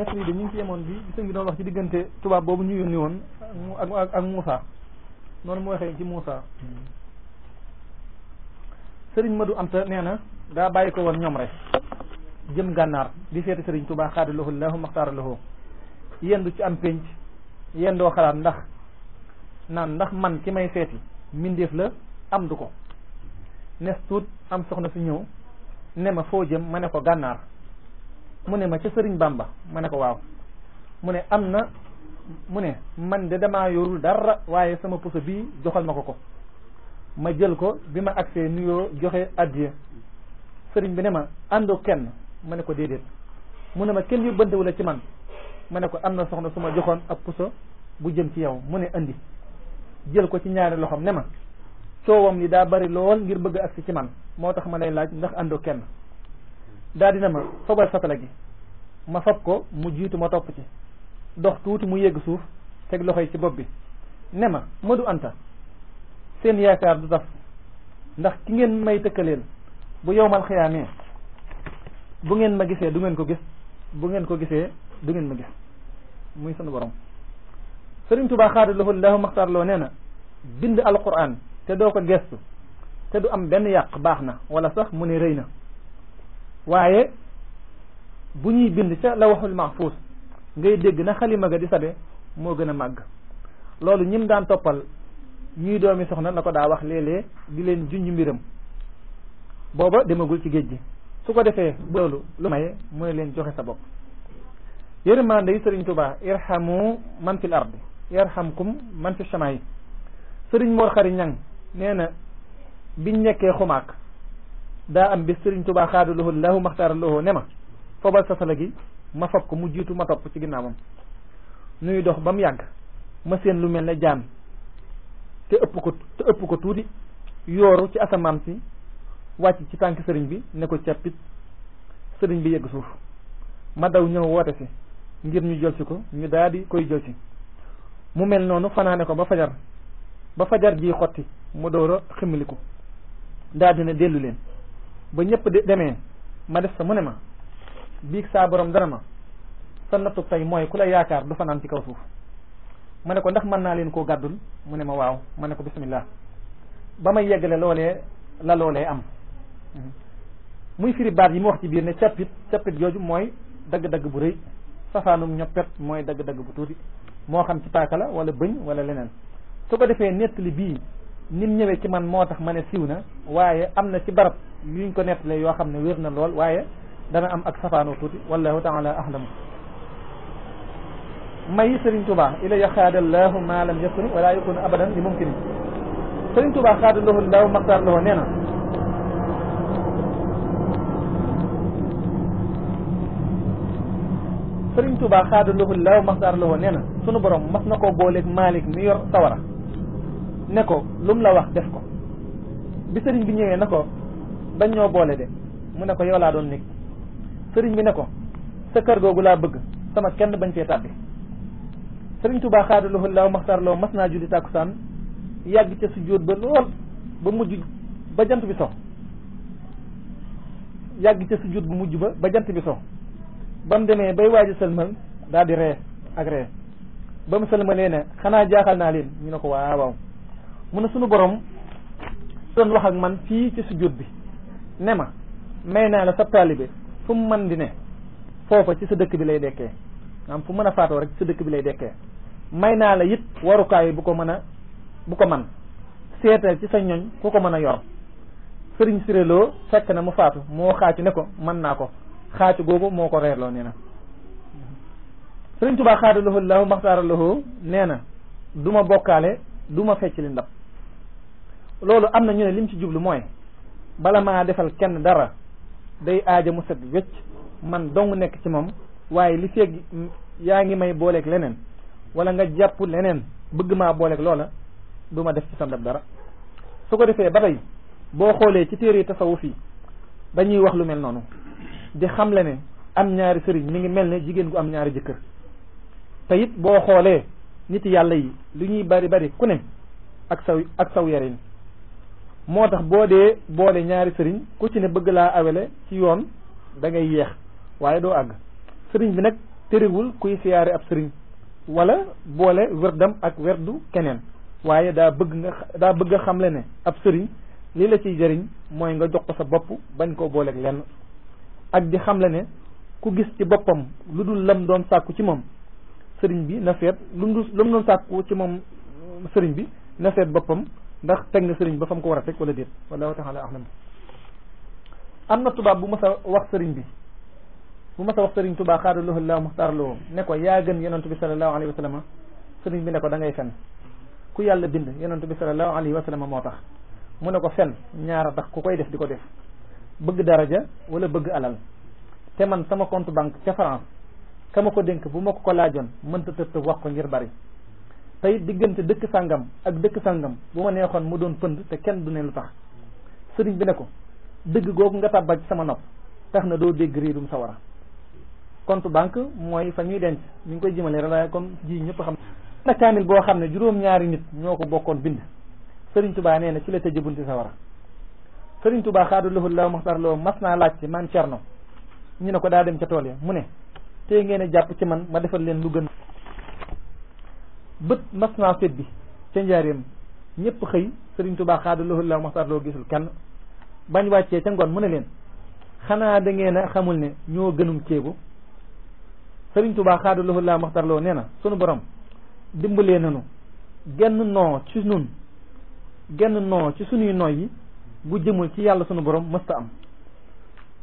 ñett yi de ñu ngi ci yemoon bi sëñ bi doon wax ci diggante tubaab boobu ñu yónni woon ak ak ak Moussa noonu mu waxee ci Moussa sëriñ Madu am nee na daa bàyyi ko woon ñoom rek jëm gànnaar di seeti sëriñ Tuubaa xaadi loxo laahu maxtaara loxo yendu ci am pénc yendoo xalaat ndax naan ndax man ki may seeti mbindeef la am du ko nes tuut am soxna fi ñëw ne ma foo jëm ma ne ko gànnaar mu ne ma ca sëriñ ba ma ne ko waaw mu ne am na mu ne man de damaa yorul dara waaye sama puso bii joxal ma ko ko ma jël ko bi ma agsee nuyoo joxe addiya sëriñ bi ne ma àndoo kenn ma ne ko déedéet mu ne ma kenn yóbbantewul la ci man ma ne ko am na soxna su ma joxoon ak puso bu jëm ci yow mu ne andi jël ko ci ñaari loxoom ne ma coowam li daa bari lool ngir bëgg agsi ci man moo tax ma lay laaj ndax àndoo kenn daa na ma fabal satala gi ma fab ko mu jiitu ma topp ci dox tuuti mu yég suuf teg loxo yi ci bopp bi ne ma Modou Anta seen yaakaar du taf ndax ki ngeen may tëkkaleel bu yowmal xiyaamee bu ngeen ma gisee du ngeen ko gis bu ngeen ko gisee du ngeen ma gis muy sunu borom Sëriñ Tuubaa xaada loxul laahu maxtaar loo nee na bind alquran te doo ko gestu te du am benn yàq baax na wala sax mu ne rëy na waaye bu ñuy bind ca lawhul mahfuus ngay dégg na xalima ga di sabe moo gën a màgg loolu ñim daan toppal ñuy doomi soxna na ko daa wax léeg di leen junj mbiram booba demagul ci géej gi su ko defee loolu lu maye mooy leen joxe sa bopp yërmande yi sëriñ tubaa irhamu man fil ardi yarhamkum man fi samaay sëriñ moor xari nee na biñ nekkee xumaak daa am bi sëriñ tubaa xaada loxo lahu maxtaara loxo ne ma fobal sasala gi ma fob ko mu jiitu ma topp ci ginnaawam nuy dox ba mu yàgg ma seen lu mel ne jaan te ëpp ko te ëpp ko tuuti yooru ci asamaan si wàcc ci tànk sëriñ bi ne ko cappit sëriñ bi yegg suuf ma daw ñëw woote si ngir ñu jël ko ñu daal koy jël mu mel noonu fanaane ko ba fajar ba fajar gi xotti mu door a ximmiliku daal ne dellu leen ba ñëpp demee ma def sa mu ne ma biig saa boroom dana ma sa nattu tey mooy ku la yaakaar du fanaan ci kaw suuf ma ne ko ndax mën naa leen koo gàddul mu ne ma waaw ma ne ko bismillah ba may yeggalee loolee la loolee am mhm. muy firi baat yi mu wax ci biir ne cappit cappit jooju mooy dagg-dagg bu rëy safaanum ñoppet mooy dagg-dagg bu tuuti moo xam ci paaka la wala bëñ wala leneen su ko defee nettali bii nim ñëwee ci man moo tax ma ne siw na waaye am na ci barab yuñ ko nettalee yoo xam ne wér na lool waaye dana am ak safaanoo tuuti wallahu taala ahlamu may Serigne Touba ilay xaadallahu ma lam yakun wala yakun abadan li mumkinin Serigne Touba xaadallahu law maxtaar loo nee na Serigne Touba xaadallahu law maxtaar loo nee na sunu borom mas na koo booleeg Malick mi yor sawara ne ko lu mu la wax def ko bi sëriñ bi ñëwee na ko dañ ñoo boole de mu ne ko yow laa doon nekk sëriñ bi ne ko sa kër googu laa bëgg sama kenn bañ fee tàbbi sëriñ Tuubaa xaadaluhu law maxtar loo mas naa julli tàkkusaan yàgg ca sujjóot ba lool ba mujj ba jant bi so yàgg ca sujjóot bu mujj ba ba jant bi so ba mu demee bay waaji sëlmal daal di ree ak ree ba mu sëlmalee ne xanaa jaaxal naa leen ñu ne ko waaw waaw mu na sunu borom doon wax ak man fii ci sujjóot bi ne ma may naa la sa taalibe fu mu mën di ne foofa ci sa dëkk bi lay dekkee am fu man a faatoo rek sa dëkk bi lay dekkee may naa la it warukaay yi bu ko mën a bu ko man seetal ci sa ñoñ ku ko mën a yor sëriñ loo fekk na mu faatu moo xaacu ne ko mën naa ko xaacu googu moo ko reerloo nee na sëriñ tubaa xaada loxo lahu maxtaara loxo nee na du ma bokkaale duma ma fecc li ndab loolu am na ñu ne lim ci jublu mooy bala maa defal kenn dara day aaja mu set wecc man dong nekk ci moom waaye li feeg yaa ngi may booleeg leneen wala nga jàpp leneen bëgg maa booleeg loola du ma def ci sandab dara su ko defee ba tey boo xoolee ci téere tasawuf yi dañuy wax lu mel noonu di xam le ne am ñaari sëriñ mi ngi mel ne jigéen gu am ñaari jëkkër te it boo xoolee nit yàlla yi li ñuy bari bari ku ne ak saw ak saw yarin moo tax boo dee boole ñaari sëriñ ku ci ne bëgg laa awele ci yoon da ngay yeex waaye doo àgg sëriñ bi nag tëriwul kuy siyaare ab sëriñ walla boole werdam ak werdu keneen waaye daa bëgg nga daa bëgg a xamle ne ab sëriñ li la ciy jëriñ mooy nga jox ko sa bopp bañ koo booleeg lenn ak di xamle ne ku gis ci boppam lu dul lam doon sàkku ci moom sëriñ bi na seet lu mu doon sàkku ci moom sëriñ bi na seet boppam ndax teg na sëriñ ba fam ko war a teg wala déet wallahu taala ahlam am na tubaab bu ma a wax sëriñ bi bu mas a wax sëriñ tubaa xaada loxu laa muxtaar loo ne ko yaa gën yonent bi salallahu alayhi wa sallam sëriñ bi ne da ngay fen ku yàlla bind yonent bi salallahu alayhi wa sallam moo tax mu ne ko fen ñaar a tax ku koy def di ko def bëgg daraja wala bëgg alal te man sama compte banque ca France ko dénk bu ma ko ko laajoon mënta tëtt wax ko ngir bari tey diggante dëkk sàngam ak dëkk sàngam bu ma neexoon mu doon pënd te kenn du ne lu tax sëriñ bi ne ko dëgg googu nga tàbbal ci sama nopp tax na doo dégg riirum sawara compte banque mooy fa ñuy denc ñu ngi koy jëmale rek comme ji ñëpp xam na kaamil boo xam ne juróom-ñaari nit ñoo ko bokkoon bind sëriñ tubaa nee na ci la tëjee bunti sawara sëriñ tubaa xaadu lahu la maxtar loo mas naa laaj ci maam Cerno ñu ne ko daa dem ca tool yi mu ne tey ngeen a jàpp ci man ma defal leen lu gën bët mas naa seddi ca njaareem ñëpp xëy sëriñ tubaa xaada loolu la maxtaar loo gisul kenn bañ wàccee ca ngoon mu ne leen xanaa da ngeen a xamul ne ñoo gënum ceebu sëriñ tubaa xaada loolu laa maxtaar loo nee na sunu borom dimbalee nanu genn noo genn noo ci sunuy noy yi bu jëmul ci yàlla sunu borom mësta am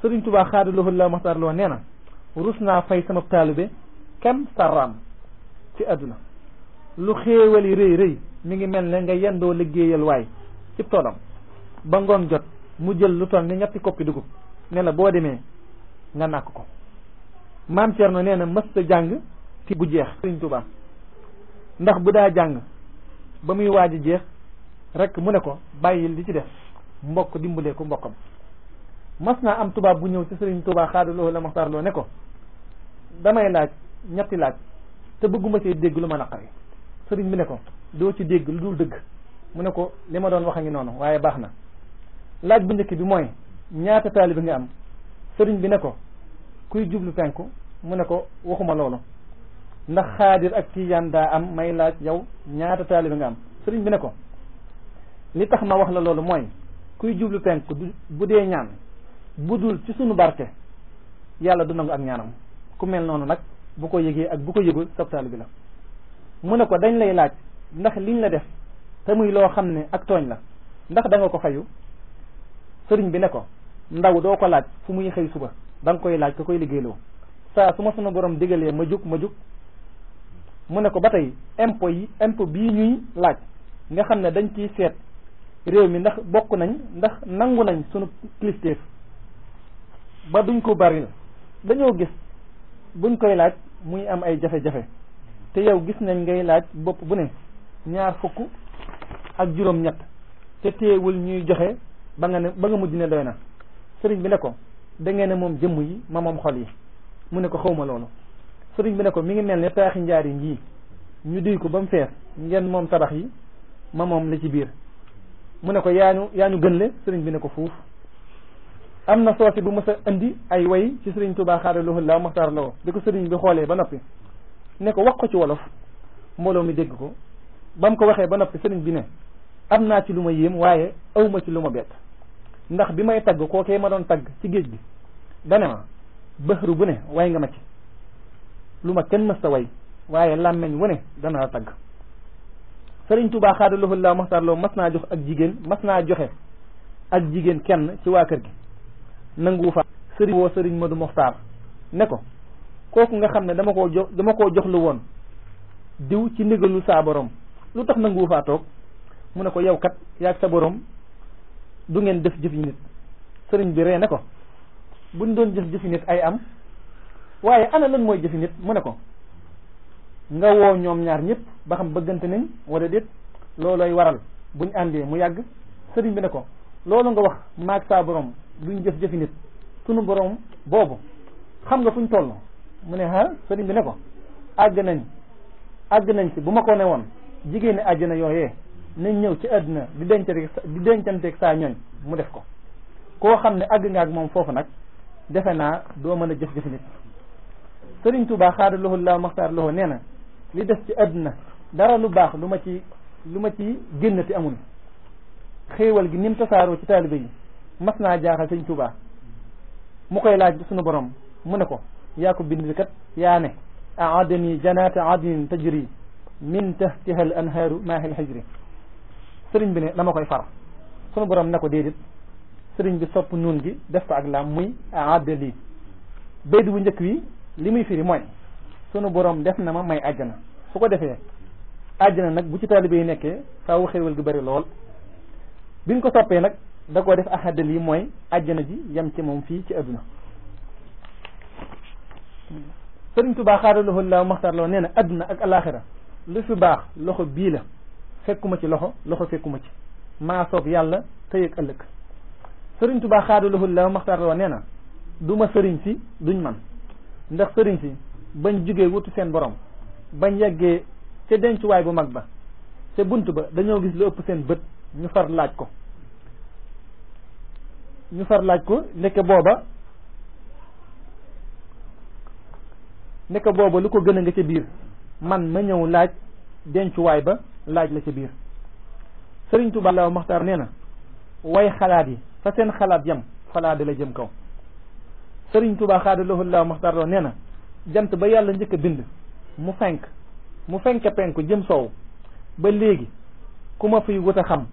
sëriñ tubaa xaada loolu la maxtaar loo nee na rus naa fay sama taalibe kem sàrraam ci àdduna lu xéewal rëy rëy mi ngi mel ne nga yendoo liggéeyal waay ci toolam ba ngoon jot mu jël lu toll ni ñetti koppi dugub ne boo demee nga nàkk ko maam Cerno nee na mës ta jàng ti bu jeex Sëriñ Tuubaa ndax bu daa jàng ba muy waaj a jeex rekk mu ne ko bàyyil di ci def mbokk dimbalee ko mbokkam mas naa am tubaab bu ñëw ci Sëriñ Tuubaa xaadaloo la loo ne ko damay laaj ñetti laaj te bëgguma see dégg lu ma naqari sëriñ bi ne ko doo ci dégg lu dul dëgg mu ne ko li ma doon wax a ngi noonu waaye baax na laaj bu njëkk bi mooy ñaata taalibe nga am sëriñ bi ne ko kuy jublu penku mu ne ko waxuma loolu ndax xaadir ak daa am may laaj yow ñaata taalibe nga am sëriñ bi ne ko li tax ma wax la loolu mooy kuy jublu tenk penku bu dee ñaan bu dul ci sunu barke yàlla du nangu ak ñaanam ku mel noonu nag bu ko yëgee ak bu ko yëgul sab bi la mu ne ko dañ lay laaj ndax liñ la def te muy loo xam ne ak tooñ la ndax da ko fayu sëriñ bi ne ko ndaw doo ko laaj fu muy xëy suba danga koy laaj ka koy liggéeyloo saa su ma sunu borom digalee ma jug ma jug mu ne ko ba tey impôt yi impôt bii ñuy laaj nga xam ne dañ ciy seet réew mi ndax bokk nañ ndax nangu nañ sunu kilifteef ba duñ ko bari la dañoo gis buñ koy laaj muy am ay jafe-jafe te yow gis nañ ngay laaj bopp bu ne ñaar fukk ak juróom-ñett te téewul ñuy joxe ba nga ne ba nga mujj ne doy na sëriñ bi ne ko da ngeen moom jëmm yi ma moom xol yi mu ne ko xawma loolu sëriñ bi ne ko mi ngi mel ne taaxi njaar yi ngii ñu duy ko ba mu fees ngeen moom tabax yi ma moom la ci biir mu ne ko yaa ñu yaa ñu gën le sëriñ bi ne ko fuuf am na soosi bu mës a indi ay way ci sëriñ Tuubaa xaada loxu laa maxtaar loo bi ko sëriñ bi xoolee ba noppi ne ko wax ko ci wolof mbooloo mi dégg ko ba mu ko waxee ba noppi sëriñ bi ne am naa ci lu ma yéem waaye awma ci lu ma bett ndax bi may tagg kookee ma doon tagg ci géej gi dane ma bëxru bu ne way nga ma ci lu ma kenn mës ta way waaye làmmeñ wu ne dana la tagg sëriñ Tuubaa xaadalohul laa maxtaar loo mas naa jox ak jigéen mas naa joxe ak jigéen kenn ci waa kër gi nanguwu fa sëriñ woo sëriñ Madu Moxtaar ne ko kooku nga xam ne dama koo jox dama koo jox lu woon diw ci ndigalul saa borom lu tax nangu faa toog mu ne ko yow kat yaag sa boroom du ngeen def jëfi nit sëriñ bi ree ne ko buñ doon jëf jëfi nit ay am waaye ana lan mooy jëfi nit mu ne ko nga woo ñoom ñaar ñëpp ba xam bëggante nañ wala déet loolooy waral buñ àndee mu yàgg sëriñ bi ne ko loolu nga wax maag saa borom duñ jëf jëfi nit sunu boroom boobu xam nga fuñ toll mu ne ah sëriñ bi ne ko àgg nañ àgg nañ ci bu ma ko ne woon jigéen ñi àjjana yooyee nañ ñëw ci àddina di dencanteeg di dencanteeg saa ñooñ mu def ko koo xam ne àgg nga ak moom foofu nag defe naa doo mën a jëf jëf nit sëriñ Tuubaa xaada loxo laaw maxtaar loxo nee na li def ci àddina dara lu baax lu ma ci lu ma ci génn génnati amul xéewal gi ni mu tasaaroo ci taalibe yi mas naa jaaxal sëriñ Tuubaa mu koy laaj sunu borom mu ne ko yaa ko bind kat yaa ne aadani janaata adnin tajri min tahtiha al anhaaru maahil hijri sëriñ bi ne dama koy far sunu borom ne ko déedéet sëriñ bi sopp noon gi def ko ak laam muy aadali baydu bu njëkk wi li muy firi mooy sunu borom def na ma may àjjana su ko defee àjjana nag bu ci taalibe yi nekkee faaw xéewal gi bari lool biñ ko soppee nag da koo def ahadali mooy àjjana ji yam ci moom fii ci adduna sëriñ Tuubaa xaaralahu laa Maxtaar Lo nee na àdduna ak alaaxira lu fi baax loxo bii la fekkuma ci loxo loxo fekkuma ci maa soob yàlla tey ak ëllëg sëriñ Tuubaa xaaralahu laa Maxtaar Lo nee na duma sëriñ si duñ man ndax sëriñ si bañ jugee wutu seen borom bañ yeggee ca dencuwaay bu mag ba ca bunt ba dañoo gis lu ëpp seen bët ñu far laaj ko ñu far laaj ko ndeke booba ndeke booba lu ko gën a nga ca biir man ma ñëw laaj dencuwaay ba laaj la ca biir sëriñ Tuubaa la Maxtaar nee na way xalaat yi fa xalaat yam falaa da la jëm kaw sëriñ Tuubaa xaada lahu la nee na jant ba yàlla njëkk a bind mu fenk mu fenk penku jëm soow ba léegi ku ma fiy wut a xam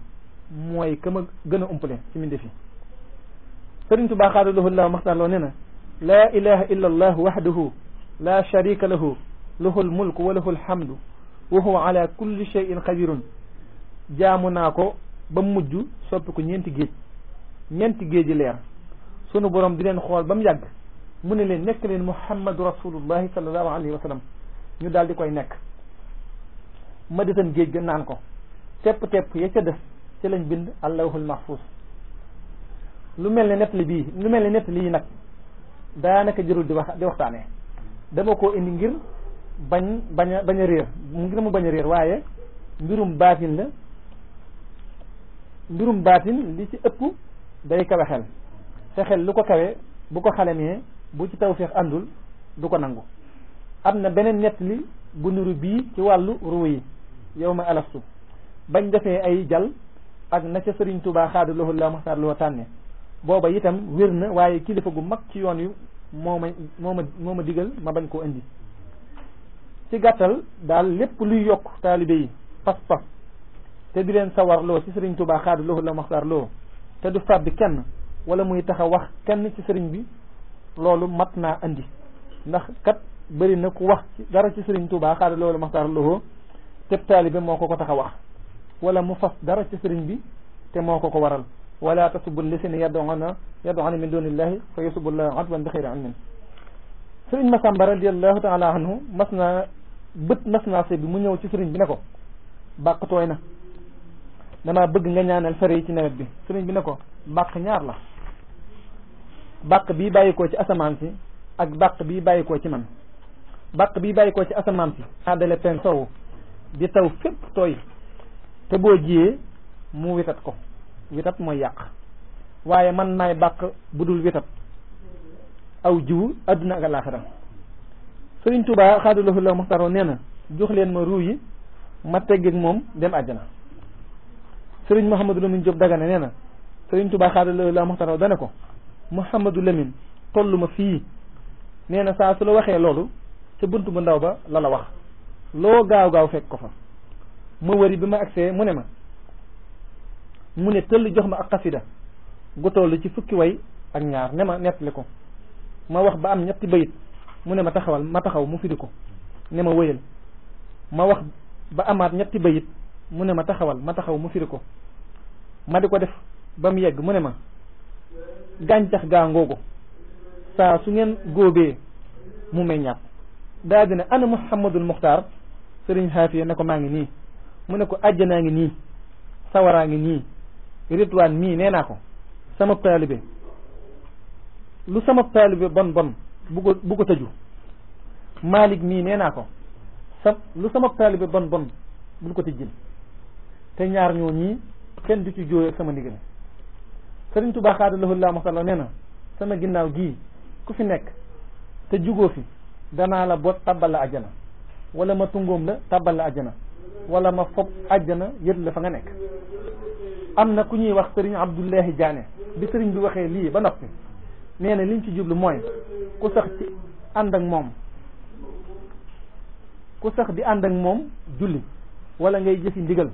mooy ka ma gën a umpale ci mbindeef yi sëriñ Tuubaa xaada lahu la Maxtaar loo nee na laa ilaha illa allah wahdahu laa sharika lahu lahul mulk wa lahul hamdu wa huwa ala kulli shay'in qadirun jaamu naa ko ba mujj soppi ko ñeenti géej ñeenti géeji leer sunu borom di leen xool ba mu yàgg mu ne leen nekk leen muhammadu rasulullahi sallallahu alayhi wa sallam ñu daal di koy nekk ma desan géej ga naan ko tepp-tepp ya ca des ci lañ bind allahul mahfuz lu mel ne nettali bii lu mel ne nettali yi nag daanaka jërul di wax di waxtaanee dama ko indi ngir bañ bañ a bañ a réer ngir mu bañ a réer waaye mbirum baatin la mbirum baatin li ci ëpp day kawe xel te xel lu ko kawe bu ko xalemee bu ci tawféex àndul du ko nangu am na beneen nettali bu nuru bii ci wàllu ruu yi yow ma alastu bañ defee ay jal ak na ca sëriñ tubaa xaadu loxu la maxtaar loo tànne booba itam wér na waaye kilifa gu mag ci yoon yu moo ma moo ma moo ma digal ma bañ koo indi ci gàttal daal lépp luy yokk taalibe yi pas-pas te di leen sawarloo ci sëriñ Tuubaa xaadu loolu la maxtaar loo te du fàbbi kenn wala muy tax a wax kenn ci sëriñ bi loolu mat naa indi ndax kat bëri na ku wax dara ci sëriñ Tuubaa xaada loolu maxtaar loxo te taalibe moo ko ko tax a wax wala mu fas dara ci sëriñ bi te moo ko ko waral wala tasubbu lisina yad'una yad'una min dunillahi fa yasubbu llaha adwan bi xayri ilmin sëriñ Masamba radiallahu taala anhu mas naa bët mas naa sëy bi mu ñëw ci sëriñ bi ne ko bàq tooy na damaa bëgg nga ñaanal fere ci nawet bi sëriñ bi ne ko bàq ñaar la bàq bii bàyyikoo ci asamaan si ak bàq bii bàyyikoo ci man baq bi bii bàyyikoo ci asamaan si aadale pen sowu di taw fépp tooy te boo jiyee mu witat ko witat mooy yàq waaye man maay bàq bu dul witat aw jiwu adduna ak alaxira sëriñ Tuubaa xaadilahu la muxtaro nee na jox leen ma ruu yi ma teggeeg moom dem àjjana sëriñ Mouhamadou Lamine Diop Dagana nee na sëriñ Tuubaa xaadilahu la muxtaro dane ko Mouhamadou Lamine tollu ma fii nee na saa su la waxee loolu ca bunt bu ndaw ba la la wax loo gaaw gaaw fekk ko fa ma wëri bi ma agsee mu ne ma mu ne tëll jox ma ak xasida gu toll ci fukki way ak ñaar ne ma nettali ko ma wax ba am ñetti bayit mu ne ma taxawal ma taxaw mu firi ko ne ma wax ba amaat ñetti bayit mu ne ma taxawal ma taxaw mu firi ko ma di ko def ba mu yegg mu ne ma gàncax gaa ngoogu saa su ngeen góobee mu meññaat daal dina ana Muhammadul Muxtaar sëriñ Xaafiya ne ko maa ngi nii mu ne ko naa ngi nii sawaraa ngi nii ritwaan mii nee naa ko sama taalibe lu sama taalibe bon bon bu ko bu ko tëju Malick mii nee naa ko sa lu sama taalibe bon bon bul ko tëjjil te ñaar ñoo ñii kenn du ci jooy ak sama ndigal Sëriñ Tuubaa xaadalahul laa masala nee na sama ginnaaw gii ku fi nekk te jugoo fi danaa la bot tabal la ajjana wala ma tungoom la tabal la ajjana wala ma fob ajjana yët la fa nga nekk am na ku ñuy wax sëriñ Abdullahi jaane bi sëriñ bi waxee lii ba noppi nee na liñ ci jublu mooy ku sax ci ànd ak moom ku sax di ànd ak moom julli wala ngay jëfi ndigal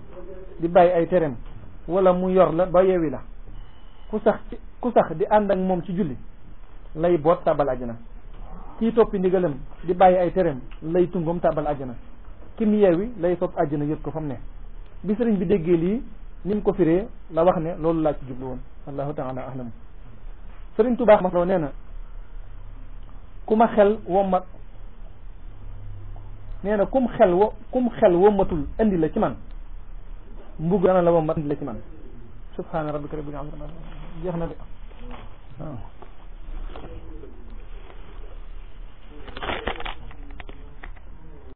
di bàyyi ay tereem wala mu yor la ba yewi la ku sax ci ku sax di ànd ak moom ci julli lay boot tàbbal na kii toppi ndigalam di bàyyi ay tereem lay tungoom tàbbal àjjana kim yewi lay sopp àjjana yët ko fa mu ne bi sëriñ bi déggee lii ni mu ko firee la wax ne loolu laa ci jublu woon allahu taala alam sëriñ tubaax ma loo nee na ku ma xel wommat nee na kum xel wo kum xel wommatul indi la ci man mbugg dana la wommat indi la ci man subhaana rabbika rabbil jeex na de waaw